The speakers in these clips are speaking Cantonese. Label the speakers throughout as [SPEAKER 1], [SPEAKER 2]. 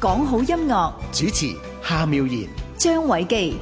[SPEAKER 1] 講好音樂，
[SPEAKER 2] 主持夏妙然、
[SPEAKER 1] 張偉記。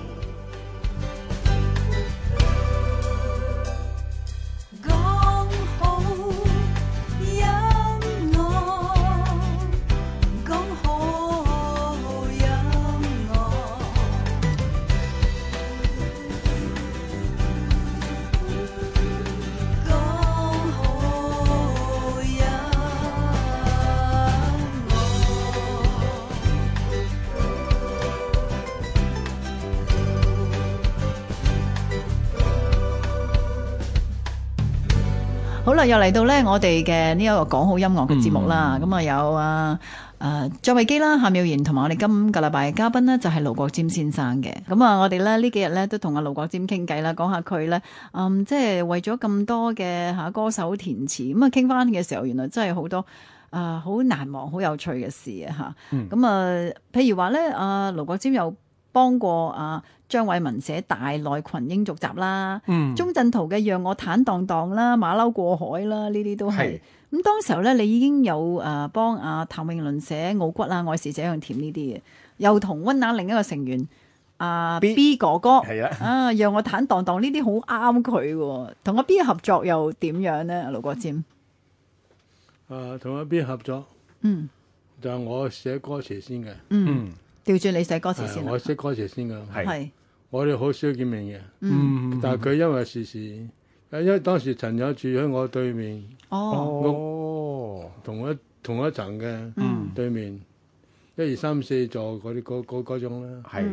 [SPEAKER 1] 好啦，又嚟到咧，我哋嘅呢一個講好音樂嘅節目啦。咁啊、嗯嗯、有啊誒張慧基啦、夏妙賢，同埋我哋今個禮拜嘅嘉賓呢，就係、是、盧國沾先生嘅。咁、嗯、啊，我哋咧呢幾日咧都同阿盧國沾傾偈啦，講下佢咧，嗯，即係為咗咁多嘅吓歌手填詞。咁啊，傾翻嘅時候，原來真係好多啊，好、呃、難忘、好有趣嘅事啊，吓、嗯。咁啊、嗯，譬如話咧，阿盧國沾有。幫過阿張偉文寫《大內群英》續集啦，嗯，鍾鎮濤嘅《讓我坦蕩蕩》啦，《馬騮過海啦是、嗯啊啊》啦，呢啲都係咁。當時候咧，你已經有誒幫阿譚詠麟寫《傲骨》啊，《愛是這樣甜》呢啲嘅，又同溫拿另一個成員阿、啊、B, B 哥哥，係啊，的啊讓我坦蕩蕩呢啲好啱佢嘅，同阿 B 合作又點樣咧？盧國沾？
[SPEAKER 3] 誒，同阿 B 合作，嗯，就、uh，我寫歌詞先嘅，嗯。
[SPEAKER 1] 調轉你寫歌詞先，我
[SPEAKER 3] 識歌詞先㗎。係我哋好少見面嘅，但係佢因為時時，因為當時陳友住喺我對面，哦，同一同一層嘅對面，一二三四座嗰啲嗰嗰嗰種啦。係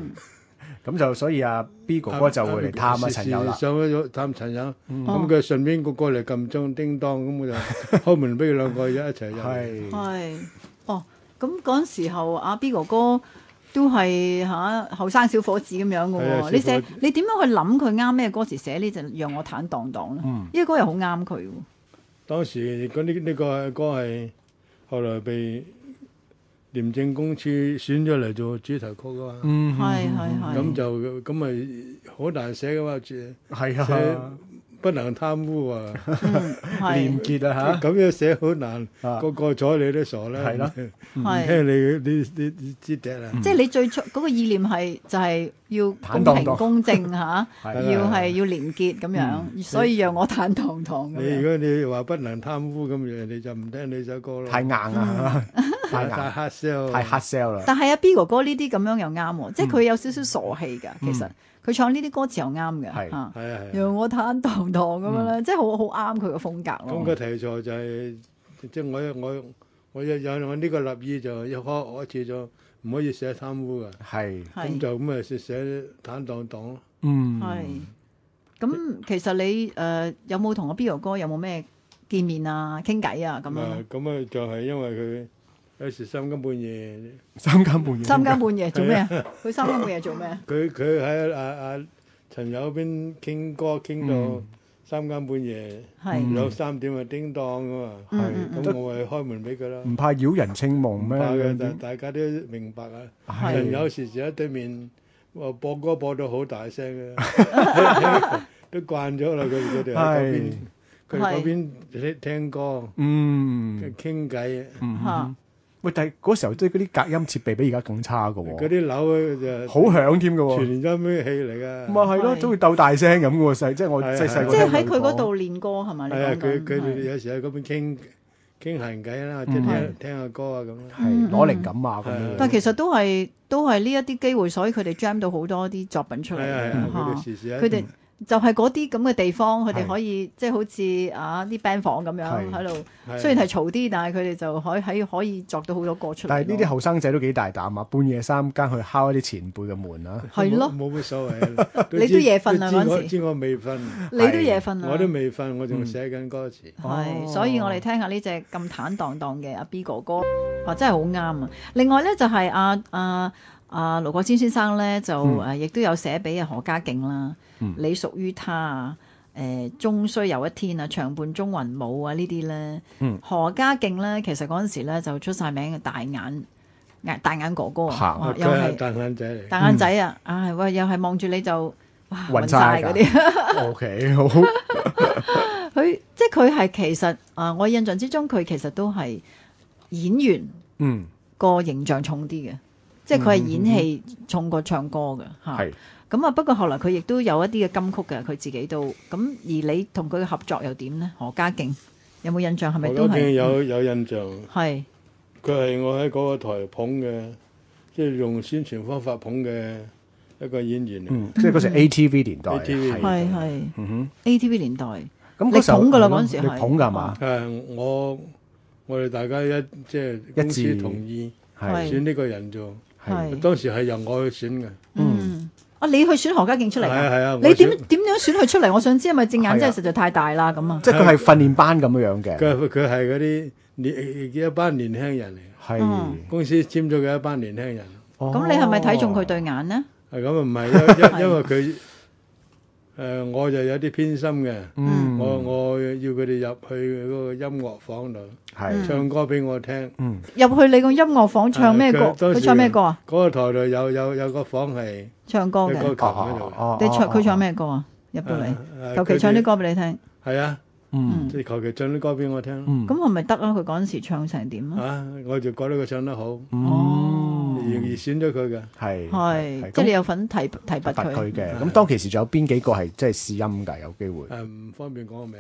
[SPEAKER 3] 咁就，所以阿 B 哥哥就會嚟探啊陳友啦。上咗探陳友，咁佢順便過過嚟撳鐘叮當，咁我就開門俾佢兩個一齊入。
[SPEAKER 1] 係哦，咁嗰陣時候阿 B 哥哥。都係嚇後生小伙子咁樣嘅喎、啊，你寫你點樣去諗佢啱咩歌詞寫呢？就讓我坦蕩蕩呢個、嗯、歌又好啱佢。
[SPEAKER 3] 當時嗰呢呢個歌係後來被廉政公署選咗嚟做主題曲嘅嘛。嗯，係係係。咁就咁咪好難寫嘅嘛，住係啊。不能貪污啊！廉潔啊嚇，咁 樣寫好難，啊、個個睬你都傻啦。係咯，唔、嗯、 聽你你你知嗲啊！嗯、即
[SPEAKER 1] 係你最初嗰、嗰個意念係就係、係。要公平公正嚇，要係要廉潔咁樣，所以讓我坦蕩蕩。你如
[SPEAKER 3] 果你話不能貪污咁，你就唔聽你首歌咯。太硬啦，太 hard sell，太 hard sell 啦。但
[SPEAKER 1] 係阿 B 哥哥呢啲咁樣又啱，即係佢有少少傻氣㗎。其實佢唱呢啲歌詞又啱嘅。係係啊係。讓我坦蕩蕩咁樣啦，即係好好啱佢個風格。個
[SPEAKER 3] 題材就係即係我我我有有我呢個立意就一開始咗。唔可以寫貪污嘅，咁就咁誒寫坦蕩蕩咯。嗯，係。
[SPEAKER 1] 咁其實你誒、呃、有冇同阿 B 哥有冇咩見面啊、傾偈啊咁樣？
[SPEAKER 3] 咁啊，啊嗯、就係、是、因為佢有時三更半夜，三更半夜，
[SPEAKER 2] 三更半，
[SPEAKER 3] 半，、啊、半夜做咩 啊？佢三更半夜做咩啊？佢佢喺阿阿陳友邊傾歌傾到。嗯三更半夜，有三點啊叮噹咁啊，咁我咪開門俾佢啦。唔怕
[SPEAKER 2] 擾人清夢咩？大
[SPEAKER 3] 家都明白啊。人有時住喺對面，話播歌播到好大聲啊，都慣咗啦。佢哋佢哋喺嗰邊，佢哋嗰邊聽歌，
[SPEAKER 2] 嗯，傾偈，嚇。喂，但係嗰時候即係嗰啲隔音設備比而家更差嘅喎。嗰
[SPEAKER 3] 啲樓就好響添嘅喎。全音咩戲嚟噶。
[SPEAKER 2] 咪係咯，都會鬥大聲咁嘅。細即係我細細即係
[SPEAKER 3] 喺佢嗰度練
[SPEAKER 1] 歌係咪？係啊，佢哋
[SPEAKER 3] 有時喺嗰邊傾傾閒偈啦，聽聽下歌啊咁樣，攞嚟咁啊咁樣。但其實
[SPEAKER 1] 都係都係呢一啲機會，所以佢哋 jam 到好多啲作品出嚟。係係，佢哋。就係嗰啲咁嘅地方，佢哋可以即係好似啊啲 band 房咁樣喺度，雖然係嘈啲，但係佢哋就可喺可以作到好多歌出嚟。但係呢啲
[SPEAKER 2] 後生仔都幾大膽啊！半夜三更去敲一啲前輩嘅門啊！係咯，冇乜所謂。你都夜瞓啊，嗰時？知我
[SPEAKER 3] 未瞓？你
[SPEAKER 1] 都夜瞓啊，我都
[SPEAKER 2] 未瞓，我
[SPEAKER 3] 仲寫緊歌詞。係，
[SPEAKER 1] 所以我哋聽下呢隻咁坦蕩蕩嘅阿 B 哥哥，哇！真係好啱啊！另外咧就係啊啊～啊，盧國沾先生咧就誒，亦、嗯、都有寫俾啊何家勁啦。你、嗯、屬於他，誒、呃，終須有一天啊，長伴中雲舞啊，呢啲咧。嗯，何家勁咧，其實嗰陣時咧就出晒名嘅大眼，眼，大眼哥哥啊，又
[SPEAKER 3] 係大眼仔，大
[SPEAKER 1] 眼仔啊，唉、嗯啊、喂，又係望住你就哇暈曬嗰啲。
[SPEAKER 2] 那些笑 o Okay , K，好。佢
[SPEAKER 1] 即係佢係其實啊，我印象之中佢其實都係演員，嗯，個形象重啲嘅。即係佢係演戲重過唱歌嘅吓，咁啊，不過後來佢亦都有一啲嘅金曲嘅，佢自己都咁。而你同佢嘅合作又點咧？何家勁有冇印象？係咪都係？有
[SPEAKER 3] 有印象。係，佢係我喺嗰個台捧嘅，即係用宣傳方法捧嘅一個演員嚟。即係嗰時
[SPEAKER 2] ATV 年代。ATV
[SPEAKER 3] 係係。
[SPEAKER 1] 哼，ATV 年代。咁你捧㗎啦，嗰陣時係。係捧㗎嘛？
[SPEAKER 3] 誒，我我哋大家一即係一致同意係選呢個人做。係，當時係由我去選嘅。嗯，
[SPEAKER 1] 啊，你去選何家勁出嚟？係係啊，你點點樣選佢出嚟？我想知係咪隻眼真係實在太大啦咁啊！即係
[SPEAKER 2] 佢係訓練班咁樣
[SPEAKER 3] 嘅，佢佢係嗰啲年一班年輕人嚟嘅，係公司簽咗佢一班年輕人。咁你係咪睇中佢對
[SPEAKER 1] 眼咧？
[SPEAKER 3] 係咁啊，唔係因因為佢。誒我就有啲偏心嘅，我我要佢哋入去嗰個音樂房度唱歌俾我聽。
[SPEAKER 1] 入去你個音樂房唱咩歌？佢唱咩歌啊？
[SPEAKER 3] 嗰個台度有有有個房係唱歌嘅，一個琴喺度。你唱佢唱咩歌啊？入到嚟，求其唱啲歌俾你聽。係啊，即係求其唱啲歌俾我聽。
[SPEAKER 1] 咁係咪得啊？佢嗰陣時唱成點啊？啊，
[SPEAKER 3] 我就覺得佢唱得好。
[SPEAKER 2] 哦。而選咗佢嘅係係，即係你有份
[SPEAKER 1] 提提拔佢嘅。
[SPEAKER 2] 咁當其時仲有邊幾個係即係試音㗎？有機會誒，唔方便講個名。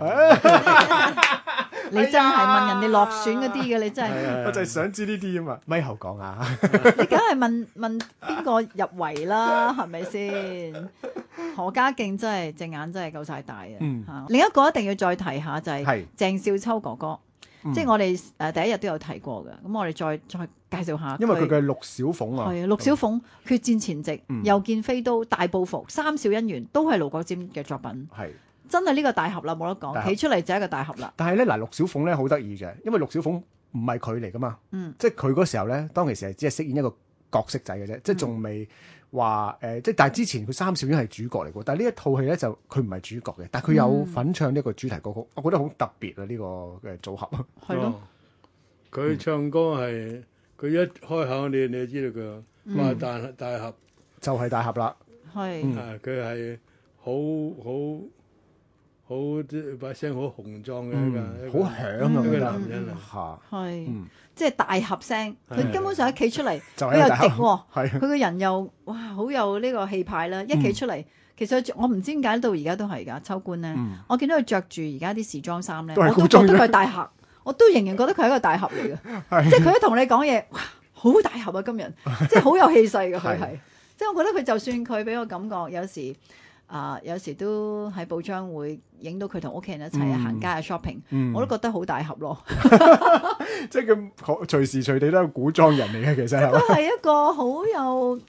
[SPEAKER 1] 你真係問人哋落選嗰啲嘅，你真係我就係想
[SPEAKER 2] 知呢啲啊嘛，咪後講下。你
[SPEAKER 1] 梗係問問邊個入圍啦？係咪先？何家勁真係隻眼真係夠晒大啊！嗯，另一個一定要再提下就係鄭少秋哥哥。嗯、即係我哋誒第一日都有提過嘅，咁我哋再再介紹下。因為佢嘅
[SPEAKER 2] 陸小鳳啊，係啊的，
[SPEAKER 1] 陸小鳳決戰前夕，嗯、又見飛刀，大報復，三笑姻緣都係盧國沾嘅作品。
[SPEAKER 2] 係的
[SPEAKER 1] 真係呢個大俠啦，冇得講，企合出嚟就係一個大俠啦。
[SPEAKER 2] 但係咧嗱，陸小鳳咧好得意嘅，因為陸小鳳唔係佢嚟噶嘛，嗯，即係佢嗰時候咧，當其時係只係飾演一個角色仔嘅啫，即係仲未話誒，即係但係之前佢三小已經係主角嚟嘅，但係呢一套戲咧就佢唔係主角嘅，但係佢有份唱呢個主題歌曲，我覺得好特別啊！呢、這個嘅、呃、組合，係咯
[SPEAKER 3] 的，佢、哦、唱歌係佢、嗯、一開口你你就知道佢大俠、
[SPEAKER 2] 嗯、大俠合就係大俠啦，係啊
[SPEAKER 3] 是，佢係好好。好啲把聲好雄壯嘅，好響啊！呢個男人啊，係，
[SPEAKER 1] 即係大盒聲。佢根本上一企出嚟，佢又勁，佢個人又哇好有呢個氣派啦！一企出嚟，其實我唔知點解到而家都係噶。秋官咧，我見到佢着住而家啲時裝衫咧，我都覺得佢係大盒，我都仍然覺得佢係一個大盒嚟嘅。即係佢一同你講嘢，哇，好大盒啊！今日，即係好有氣勢嘅佢係，即係我覺得佢就算佢俾我感覺有時。啊，uh, 有時都喺報章會影到佢同屋企人一齊、嗯、行街啊 shopping、嗯、我都覺得好大俠咯！
[SPEAKER 2] 即係咁，可隨時隨地都係古裝人嚟嘅，其實、嗯、吧都
[SPEAKER 1] 係一個好有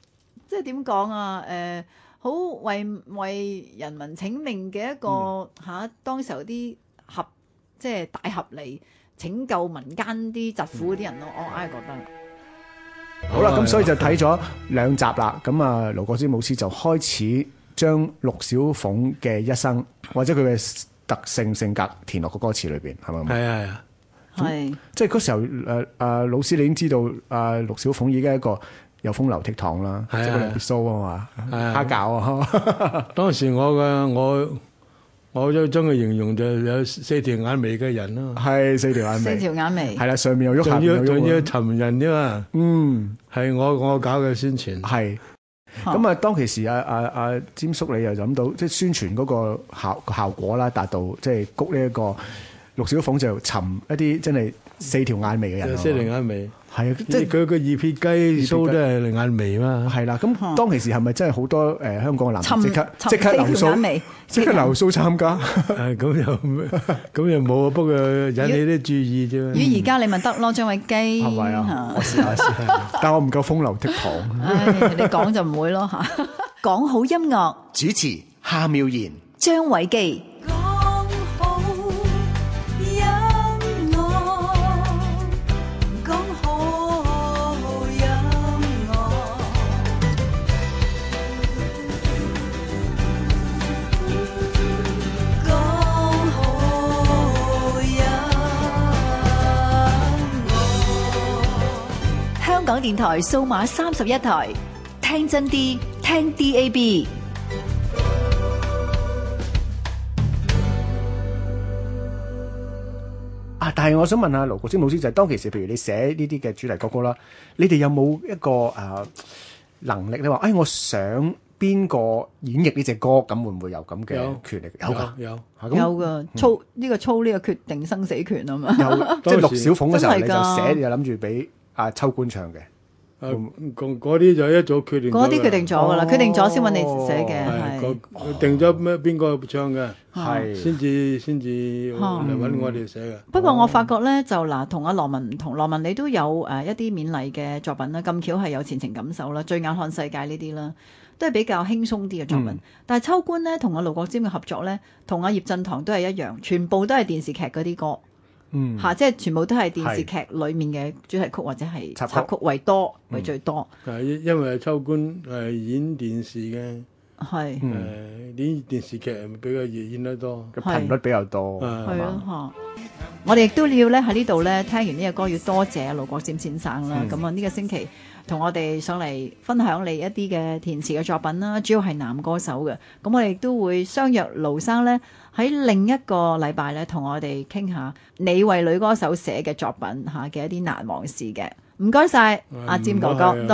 [SPEAKER 1] 即係點講啊？誒、呃，好為為人民請命嘅一個嚇、嗯啊，當時候啲俠，即、就、係、是、大俠嚟拯救民間啲疾苦啲人咯，嗯、我硬係覺得。
[SPEAKER 2] 好啦，咁、嗯、所以就睇咗兩集啦，咁啊，盧國沾老師就開始。將陸小鳳嘅一生或者佢嘅特性性格填落個歌詞裏邊，係咪啊？係啊。係即係嗰時候，誒誒，老師你已經知道，誒陸小鳳已經係一個有風流倜儻啦，即係 show 啊嘛，蝦餃啊，當時我嘅我
[SPEAKER 3] 我最中意形容就有四條眼眉嘅人咯，係四條眼眉，四條
[SPEAKER 1] 眼
[SPEAKER 2] 眉，係啦，上面又喐沉，仲要沉人啫嘛，嗯，係我我搞嘅宣傳，係。咁啊，當其時啊啊啊，詹叔你又諗到，到，即係宣傳嗰個效效果啦，達到即係谷呢一個陸小鳳，就尋一啲真係四條眼眉嘅人喎。四係啊，即係佢個二撇雞、二蘇都係令眼眉嘛。係啦，咁當其時係咪真係好多誒？香港嘅男即刻即刻留鬚，即刻留鬚參加。誒，咁又咁又冇，不過引起啲注意啫。咦而
[SPEAKER 1] 家你咪得咯，張偉基。係啊，
[SPEAKER 2] 我試下試下。但係我唔夠風流倜儻。
[SPEAKER 1] 你講就唔會咯吓，講好音樂
[SPEAKER 2] 主持夏妙然，
[SPEAKER 1] 張偉基。電台數碼三十一台，聽真啲聽 DAB。
[SPEAKER 2] 啊！但係我想問下盧國沾老師，就係當其時，譬如你寫呢啲嘅主題歌曲啦，你哋有冇一個誒能力咧？你話誒，我想邊個演繹呢隻歌，咁會唔會有咁嘅權力？有噶，有係咁有噶，操
[SPEAKER 1] 呢個操呢個決定生死權啊嘛！即係陸小鳳嘅時候，你就寫你
[SPEAKER 2] 就諗住俾阿秋官唱嘅。誒，嗰啲、啊、就一
[SPEAKER 3] 早決定，嗰啲決定咗
[SPEAKER 1] 噶啦，哦、決定咗先揾你寫嘅。
[SPEAKER 3] 係，定咗咩？邊個唱嘅？係，先至先至嚟揾我哋寫嘅、
[SPEAKER 1] 嗯。不過我發覺咧，就嗱，同阿羅文唔同，羅文你都有誒一啲勉勵嘅作品啦，咁巧係有前情感受啦，《醉眼看世界》呢啲啦，都係比較輕鬆啲嘅作品。嗯、但係秋官呢，同阿盧國沾嘅合作咧，同阿葉振棠都係一樣，全部都係電視劇嗰啲歌。嗯，嚇，即係全部都係電視劇裏面嘅主題曲或者係插曲
[SPEAKER 3] 為多，為最多。誒，因因為秋官誒演電視嘅，係誒演電視劇比較演得多，嘅頻率比較
[SPEAKER 2] 多，係啊，
[SPEAKER 1] 嚇！我哋亦都要咧喺呢度咧聽完呢個歌要多謝盧國沾先生啦。咁啊，呢個星期。同我哋上嚟分享你一啲嘅填詞嘅作品啦，主要係男歌手嘅。咁我哋亦都會相約盧生咧喺另一個禮拜咧，同我哋傾下你為女歌手寫嘅作品吓嘅一啲難忘事嘅。唔該晒，阿詹哥哥多。